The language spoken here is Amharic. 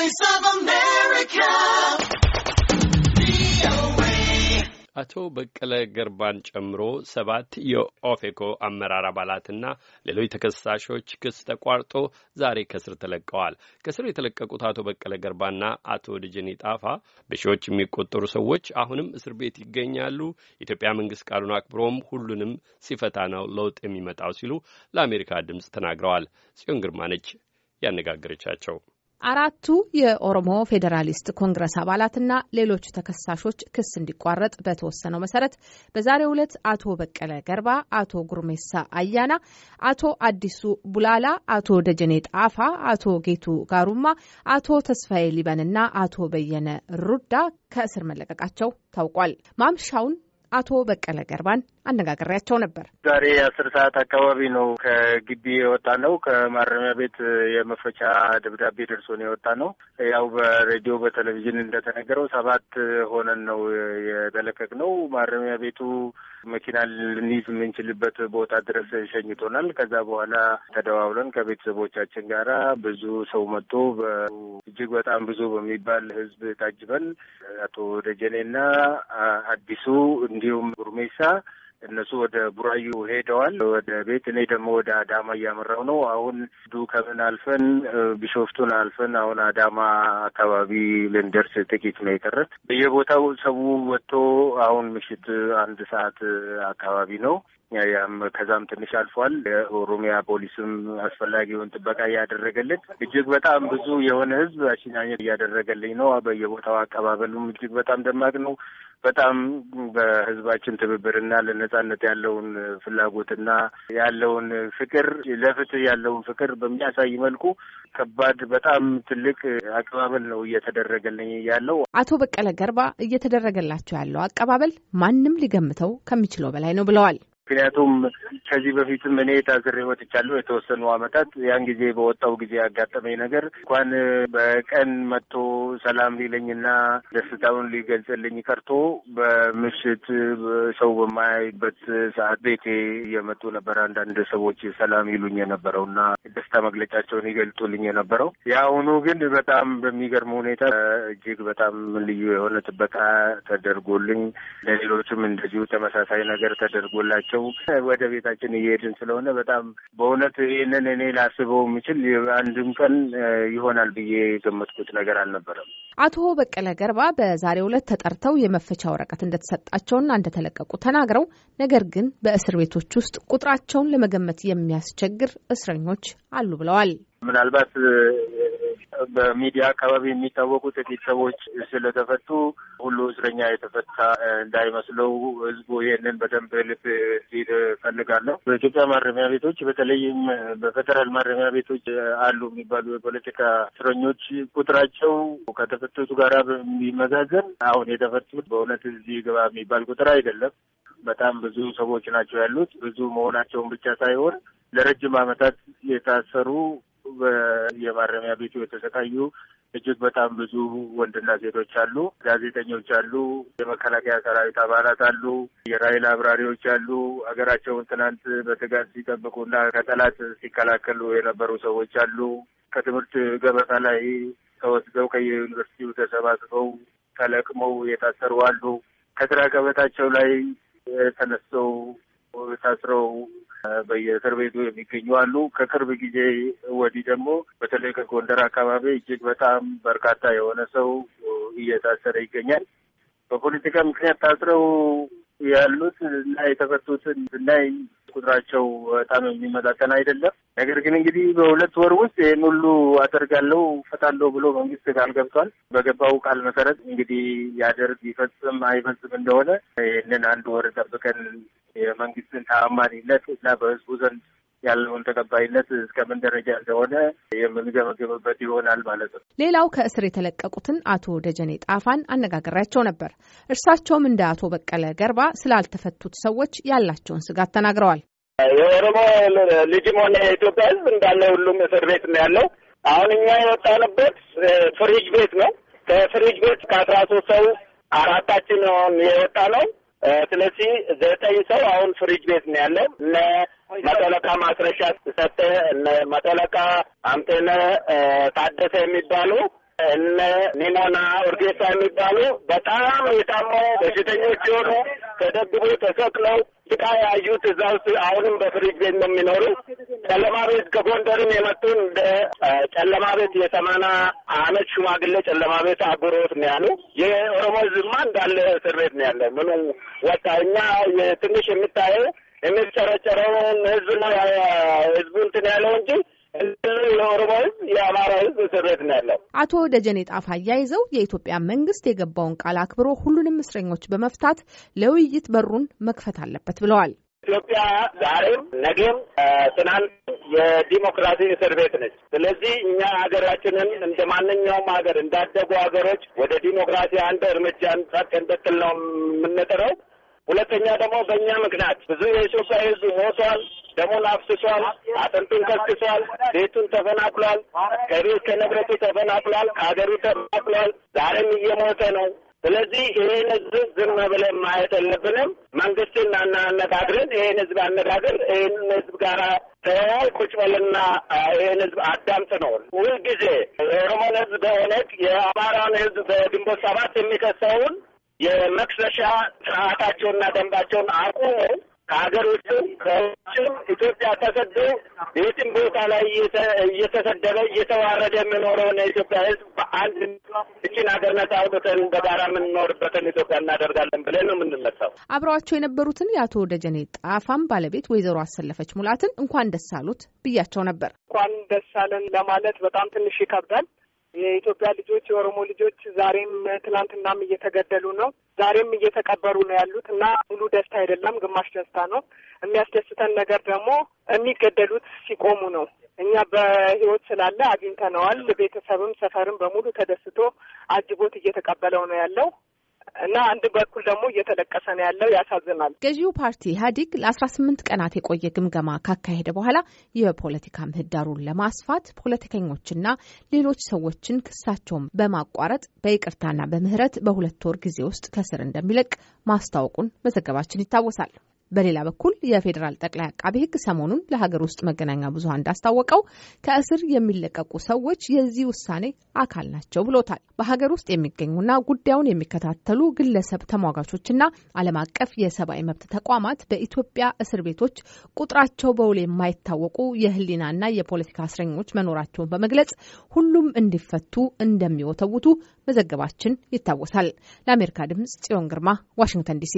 ቮይስ ኦፍ አሜሪካ አቶ በቀለ ገርባን ጨምሮ ሰባት የኦፌኮ አመራር አባላትና ሌሎች ተከሳሾች ክስ ተቋርጦ ዛሬ ከስር ተለቀዋል። ከስር የተለቀቁት አቶ በቀለ ገርባና አቶ ደጀኔ ጣፋ በሺዎች የሚቆጠሩ ሰዎች አሁንም እስር ቤት ይገኛሉ፣ የኢትዮጵያ መንግስት ቃሉን አክብሮም ሁሉንም ሲፈታ ነው ለውጥ የሚመጣው ሲሉ ለአሜሪካ ድምፅ ተናግረዋል። ጽዮን ግርማ ነች ያነጋገረቻቸው። አራቱ የኦሮሞ ፌዴራሊስት ኮንግረስ አባላትና ሌሎች ተከሳሾች ክስ እንዲቋረጥ በተወሰነው መሰረት በዛሬው ዕለት አቶ በቀለ ገርባ፣ አቶ ጉርሜሳ አያና፣ አቶ አዲሱ ቡላላ፣ አቶ ደጀኔ ጣፋ፣ አቶ ጌቱ ጋሩማ፣ አቶ ተስፋዬ ሊበንና አቶ በየነ ሩዳ ከእስር መለቀቃቸው ታውቋል። ማምሻውን አቶ በቀለ ገርባን አነጋግሬያቸው ነበር። ዛሬ አስር ሰዓት አካባቢ ነው ከግቢ የወጣ ነው። ከማረሚያ ቤት የመፈቻ ደብዳቤ ደርሶን የወጣ ነው። ያው በሬዲዮ በቴሌቪዥን እንደተነገረው ሰባት ሆነን ነው የተለቀቅ ነው። ማረሚያ ቤቱ መኪና ልንይዝ የምንችልበት ቦታ ድረስ ሸኝቶናል። ከዛ በኋላ ተደዋውለን ከቤተሰቦቻችን ጋራ ብዙ ሰው መጥቶ እጅግ በጣም ብዙ በሚባል ህዝብ ታጅበን አቶ ደጀኔና አዲሱ እንዲሁም ጉርሜሳ እነሱ ወደ ቡራዩ ሄደዋል ወደ ቤት፣ እኔ ደግሞ ወደ አዳማ እያመራው ነው። አሁን ዱከምን አልፈን ቢሾፍቱን አልፈን አሁን አዳማ አካባቢ ልንደርስ ጥቂት ነው የቀረት። በየቦታው ሰው ወጥቶ አሁን ምሽት አንድ ሰዓት አካባቢ ነው። ያም ከዛም ትንሽ አልፏል። የኦሮሚያ ፖሊስም አስፈላጊውን ጥበቃ እያደረገልን እጅግ በጣም ብዙ የሆነ ህዝብ አሽኛኘት እያደረገልኝ ነው። በየቦታው አቀባበሉም እጅግ በጣም ደማቅ ነው። በጣም በህዝባችን ትብብርና ለነጻነት ያለውን ፍላጎትና ያለውን ፍቅር ለፍትህ ያለውን ፍቅር በሚያሳይ መልኩ ከባድ በጣም ትልቅ አቀባበል ነው እየተደረገልኝ ያለው። አቶ በቀለ ገርባ እየተደረገላቸው ያለው አቀባበል ማንም ሊገምተው ከሚችለው በላይ ነው ብለዋል። ምክንያቱም ከዚህ በፊትም እኔ ታስሬ ወጥቻለሁ የተወሰኑ አመታት። ያን ጊዜ በወጣው ጊዜ ያጋጠመኝ ነገር እንኳን በቀን መጥቶ ሰላም ሊለኝና ደስታውን ሊገልጽልኝ ቀርቶ በምሽት ሰው በማያይበት ሰዓት ቤቴ እየመጡ ነበር አንዳንድ ሰዎች ሰላም ይሉኝ የነበረው እና ደስታ መግለጫቸውን ይገልጡልኝ የነበረው። የአሁኑ ግን በጣም በሚገርም ሁኔታ እጅግ በጣም ልዩ የሆነ ጥበቃ ተደርጎልኝ ለሌሎችም እንደዚሁ ተመሳሳይ ነገር ተደርጎላቸው እየተመገቡ ወደ ቤታችን እየሄድን ስለሆነ በጣም በእውነት ይህንን እኔ ላስበው የምችል አንድም ቀን ይሆናል ብዬ የገመትኩት ነገር አልነበረም። አቶ በቀለ ገርባ በዛሬ ዕለት ተጠርተው የመፈቻ ወረቀት እንደተሰጣቸውና እንደተለቀቁ ተናግረው ነገር ግን በእስር ቤቶች ውስጥ ቁጥራቸውን ለመገመት የሚያስቸግር እስረኞች አሉ ብለዋል። ምናልባት በሚዲያ አካባቢ የሚታወቁ ጥቂት ሰዎች ስለተፈቱ ሁሉ እስረኛ የተፈታ እንዳይመስለው ህዝቡ ይህንን በደንብ ልብ ሲል ፈልጋለሁ። በኢትዮጵያ ማረሚያ ቤቶች በተለይም በፌደራል ማረሚያ ቤቶች አሉ የሚባሉ የፖለቲካ እስረኞች ቁጥራቸው ከተፈቱት ጋር በሚመዛዘን አሁን የተፈቱት በእውነት እዚህ ግባ የሚባል ቁጥር አይደለም። በጣም ብዙ ሰዎች ናቸው ያሉት። ብዙ መሆናቸውን ብቻ ሳይሆን ለረጅም ዓመታት የታሰሩ በየማረሚያ ቤቱ የተሰቃዩ እጅግ በጣም ብዙ ወንድና ሴቶች አሉ። ጋዜጠኞች አሉ። የመከላከያ ሰራዊት አባላት አሉ። የራይል አብራሪዎች አሉ። ሀገራቸውን ትናንት በትጋት ሲጠብቁና ከጠላት ሲከላከሉ የነበሩ ሰዎች አሉ። ከትምህርት ገበታ ላይ ተወስደው ከየዩኒቨርሲቲው ተሰባስበው ተለቅመው የታሰሩ አሉ። ከስራ ገበታቸው ላይ ተነስተው ታስረው በየእስር ቤቱ የሚገኙ አሉ። ከቅርብ ጊዜ ወዲህ ደግሞ በተለይ ከጎንደር አካባቢ እጅግ በጣም በርካታ የሆነ ሰው እየታሰረ ይገኛል። በፖለቲካ ምክንያት ታስረው ያሉት እና የተፈቱትን ብናይ ቁጥራቸው በጣም የሚመጣጠን አይደለም። ነገር ግን እንግዲህ በሁለት ወር ውስጥ ይህን ሁሉ አደርጋለሁ ፈታለሁ ብሎ መንግስት ቃል ገብቷል። በገባው ቃል መሰረት እንግዲህ ያደርግ ይፈጽም አይፈጽም እንደሆነ ይህንን አንድ ወር ጠብቀን የመንግስትን ተአማኒነት እና በህዝቡ ዘንድ ያለውን ተቀባይነት እስከምን ደረጃ እንደሆነ የምንገመግምበት ይሆናል ማለት ነው። ሌላው ከእስር የተለቀቁትን አቶ ደጀኔ ጣፋን አነጋግሬያቸው ነበር። እርሳቸውም እንደ አቶ በቀለ ገርባ ስላልተፈቱት ሰዎች ያላቸውን ስጋት ተናግረዋል። የኦሮሞ ልጅም ሆነ የኢትዮጵያ ሕዝብ እንዳለ ሁሉም እስር ቤት ነው ያለው። አሁን እኛ የወጣንበት ፍሪጅ ቤት ነው። ከፍሪጅ ቤት ከአስራ ሶስት ሰው አራታችን የወጣ ነው ስለዚህ ዘጠኝ ሰው አሁን ፍሪጅ ቤት ነው ያለው። እነ መጠለቃ ማስረሻ ሰጠ፣ እነ መጠለቃ አምተነ ታደሰ የሚባሉ እነ ኒሞና ኦርጌሳ የሚባሉ በጣም የታመሙ በሽተኞች የሆኑ ተደግቦ ተሰቅለው ስቃይ ያዩት እዛ ውስጥ አሁንም በፍሪጅ ቤት ነው የሚኖሩ። ጨለማ ቤት ከጎንደርም የመጡን እንደ ጨለማ ቤት የሰማና አመት ሽማግሌ ጨለማ ቤት አጉሮት ነው ያሉ። የኦሮሞ ዝማ እንዳለ እስር ቤት ነው ያለ። ምኑ ወጣ እኛ ትንሽ የምታየው የሚጨረጨረውን ህዝብ ነው ህዝቡ እንትን ያለው እንጂ የኦሮሞ ህዝብ የአማራ ህዝብ እስር ቤት ነው ያለው። አቶ ደጀኔ ጣፋ አያይዘው የኢትዮጵያ መንግስት የገባውን ቃል አክብሮ ሁሉንም እስረኞች በመፍታት ለውይይት በሩን መክፈት አለበት ብለዋል። ኢትዮጵያ ዛሬም ነገም ትናንት የዲሞክራሲ እስር ቤት ነች። ስለዚህ እኛ ሀገራችንን እንደ ማንኛውም ሀገር እንዳደጉ ሀገሮች ወደ ዲሞክራሲ አንድ እርምጃ እንጻት እንድትል ነው የምንጥረው። ሁለተኛ ደግሞ በእኛ ምክንያት ብዙ የኢትዮጵያ ሕዝብ ሞቷል፣ ደሙን አፍስሷል፣ አጥንቱን ከስክሷል፣ ቤቱን ተፈናቅሏል፣ ከቤት ከንብረቱ ተፈናቅሏል፣ ከሀገሩ ተፈናቅሏል። ዛሬም እየሞተ ነው። ስለዚህ ይሄን ህዝብ ዝም ብለን ማየት የለብንም። መንግስትን አናነጋግርን ይሄን ህዝብ አነጋግር ይህን ህዝብ ጋር ተያይ ቁጭ በልና ይህን ህዝብ አዳምጥ ነው። ሁልጊዜ የኦሮሞን ህዝብ በኦነግ የአማራን ህዝብ በግንቦት ሰባት የሚከሰውን የመክሰሻ ስርዓታቸውና ደንባቸውን አቁሙ። ከሀገር ውስጥም ከውጭም ኢትዮጵያ ተሰዶ የትም ቦታ ላይ እየተሰደበ እየተዋረደ የሚኖረውን የኢትዮጵያ ሕዝብ በአንድ እችን ሀገር ነጻ አውጥተን በጋራ የምንኖርበትን ኢትዮጵያ እናደርጋለን ብለን ነው የምንነሳው። አብረዋቸው የነበሩትን የአቶ ደጀኔ ጣፋም ባለቤት ወይዘሮ አሰለፈች ሙላትን እንኳን ደስ አሉት ብያቸው ነበር። እንኳን ደስ አለን ለማለት በጣም ትንሽ ይከብዳል። የኢትዮጵያ ልጆች የኦሮሞ ልጆች ዛሬም ትናንትናም እየተገደሉ ነው። ዛሬም እየተቀበሩ ነው ያሉት እና ሙሉ ደስታ አይደለም፣ ግማሽ ደስታ ነው። የሚያስደስተን ነገር ደግሞ የሚገደሉት ሲቆሙ ነው። እኛ በህይወት ስላለ አግኝተነዋል። ቤተሰብም ሰፈርም በሙሉ ተደስቶ አጅቦት እየተቀበለው ነው ያለው። እና አንድ በኩል ደግሞ እየተለቀሰ ነው ያለው። ያሳዝናል። ገዢው ፓርቲ ኢህአዴግ ለአስራ ስምንት ቀናት የቆየ ግምገማ ካካሄደ በኋላ የፖለቲካ ምህዳሩን ለማስፋት ፖለቲከኞችና ሌሎች ሰዎችን ክሳቸውን በማቋረጥ በይቅርታና በምህረት በሁለት ወር ጊዜ ውስጥ ከስር እንደሚለቅ ማስታወቁን መዘገባችን ይታወሳል። በሌላ በኩል የፌዴራል ጠቅላይ አቃቢ ሕግ ሰሞኑን ለሀገር ውስጥ መገናኛ ብዙኃን እንዳስታወቀው ከእስር የሚለቀቁ ሰዎች የዚህ ውሳኔ አካል ናቸው ብሎታል። በሀገር ውስጥ የሚገኙና ጉዳዩን የሚከታተሉ ግለሰብ ተሟጋቾችና ዓለም አቀፍ የሰብአዊ መብት ተቋማት በኢትዮጵያ እስር ቤቶች ቁጥራቸው በውል የማይታወቁ የህሊናና የፖለቲካ እስረኞች መኖራቸውን በመግለጽ ሁሉም እንዲፈቱ እንደሚወተውቱ መዘገባችን ይታወሳል። ለአሜሪካ ድምጽ ጽዮን ግርማ ዋሽንግተን ዲሲ